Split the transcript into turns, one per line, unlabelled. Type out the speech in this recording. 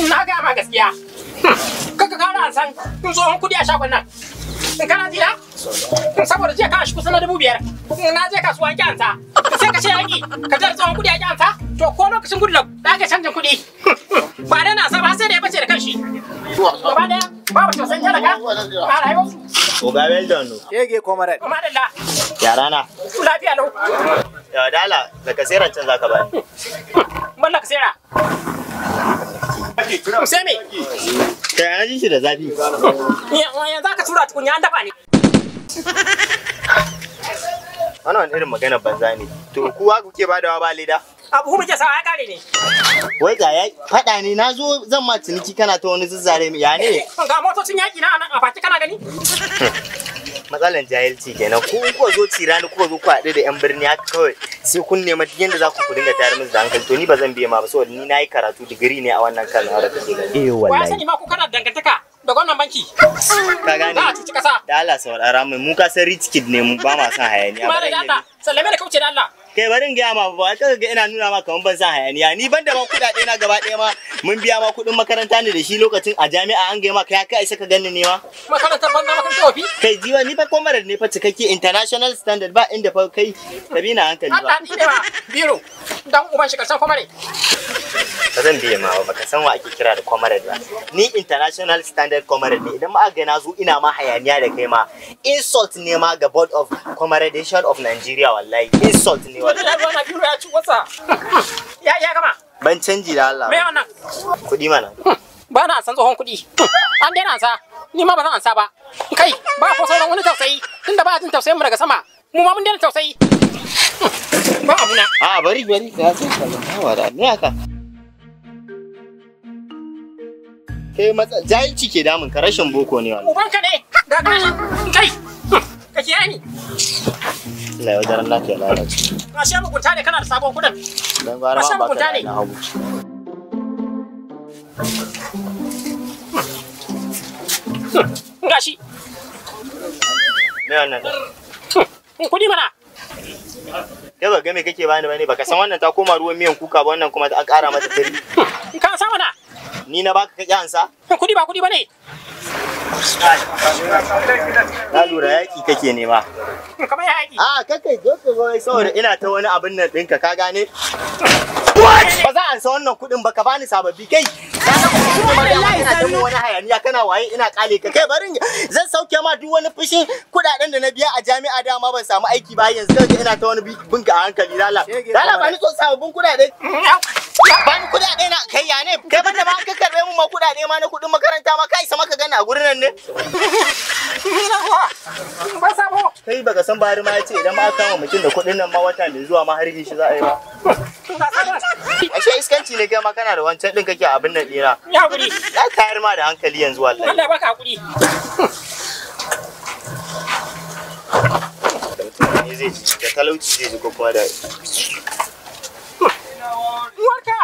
Hm, na gaya ma gaskiya. Hm, Kaka kara san in tsohon kuɗi a shagon nan. In eh, kana jina? Hm, saboda jiya kana shi kusa na dubu biyar. Na je kasuwa ki anta. Sai ka ce yaki ka jar tsohon kuɗi a ki anta. To ko lokacin gudu da aka canjin kuɗi. Ba dai na sa ba sai da ya bace da kanshi. Gaba daya babu tausayin ka. a rayuwarsu.
Oga well done no.
Yege comrade. Comrade la. Yara na. Lafiya lau.
Ya dala da kaseran can zaka bani.
Mallaka sera. sai
an ji shi da zafi
yanzu aka tura tukunya an dafa ne
ana wani irin magana banza ne
to kuwa kuke badawa ba leda abu muke sawa ya kare ne
wai ga ya fada ne na zo zan ma ciniki kana ta wani zuzzare ya ne
ga motocin yaki na a faki kana gani
matsalan jahilci kenan ko ko zo ni ko zo ku haɗu da yan birni haka kawai sai kun nema duk yanda za ku ku dinga tayar musu da hankali to ni ba zan biye ma ba saboda ni nayi karatu digiri ne a wannan kan da kake gani eh wallahi sani
ma ku kana dangantaka da gwamnan banki ka gane za a cuci kasa da Allah saurara
mu mu ka san rich kid ne mu ba ma san hayaniya ba da Allah
sallame da kauce da Allah
kai bari in gaya ma ba ka ga ina nuna ma kamar ban san hayaniya ni ban da ma kuɗaɗe na gaba ɗaya ma mun biya ma kuɗin makaranta ne da shi lokacin a jami'a an gaya ma kai kai isa ka ganni ne ma
makaranta ban na
makaranta wafi kai jiwa ni fa comrade ne fa cikakke international standard ba inda fa kai tabina hankali
ba biro dan uban shi ka san
ba zan biye ma ba ka san wa ake kira da comrade ba ni international standard comrade ne idan ma ga na zo ina ma hayaniya da kai ma insult ne ma ga board of comradation of Nigeria wallahi insult
ne wallahi da na biro ya ci wasa ya ya kama
ban canji da Allah me wannan kudi mana
ba na san tsohon kudi an daina sa ni ma ba zan ansa ba kai ba ko sauran wani tausayi tunda ba jin tausayin mu daga sama mu ma mun daina tausayi ba abuna
a bari bari ka san ka ba da ne aka Kai matsa jahilci ke damun ka rashin boko ne wani.
Ubanka ne. Ga gashin kai. Hmm, ka kiya ni.
Allah ya daren lafiya lalace.
Ka sha mugunta ne kana da sabon kudin.
Dan gwara ba ka na hagu. Hmm, gashi. Me wannan?
Hmm, kudi mana.
Yau ga me kake bani bane baka san wannan ta koma ruwan miyan kuka ba wannan kuma an ƙara mata tiri. Ka san mana. ni na baka kake ansa
kudi ba kudi bane
Na lura yaƙi kake nema. Kamar yaƙi. A ah, kakai zo ka zo saboda ina ta wani abin nan dinka ka gane? Ba za a ansa wannan kuɗin ba ka bani sababbi kai. Ina da wani hayaniya kana waye ina kale ka kai barin zan sauke ma duk wani fushin kudaden da na biya a jami'a da ma ban samu aiki ba yanzu ina ta wani binka a hankali lala. Lala ba ni so sababbin kudaden. Mm, ne ma na kuɗin makaranta ma kai sama ka gani a gurin nan ne ba sabo kai baka san bari ma yace idan ma kama mutum da kuɗin nan ma wata mai zuwa ma har yi shi za a yi ba ashe iskanci ne kai ma kana da wancan din kake abin nan dina ya guri. ya tayar ma da hankali yanzu wallahi Allah baka hakuri da talauci zai ji ko kuma da
Uwarka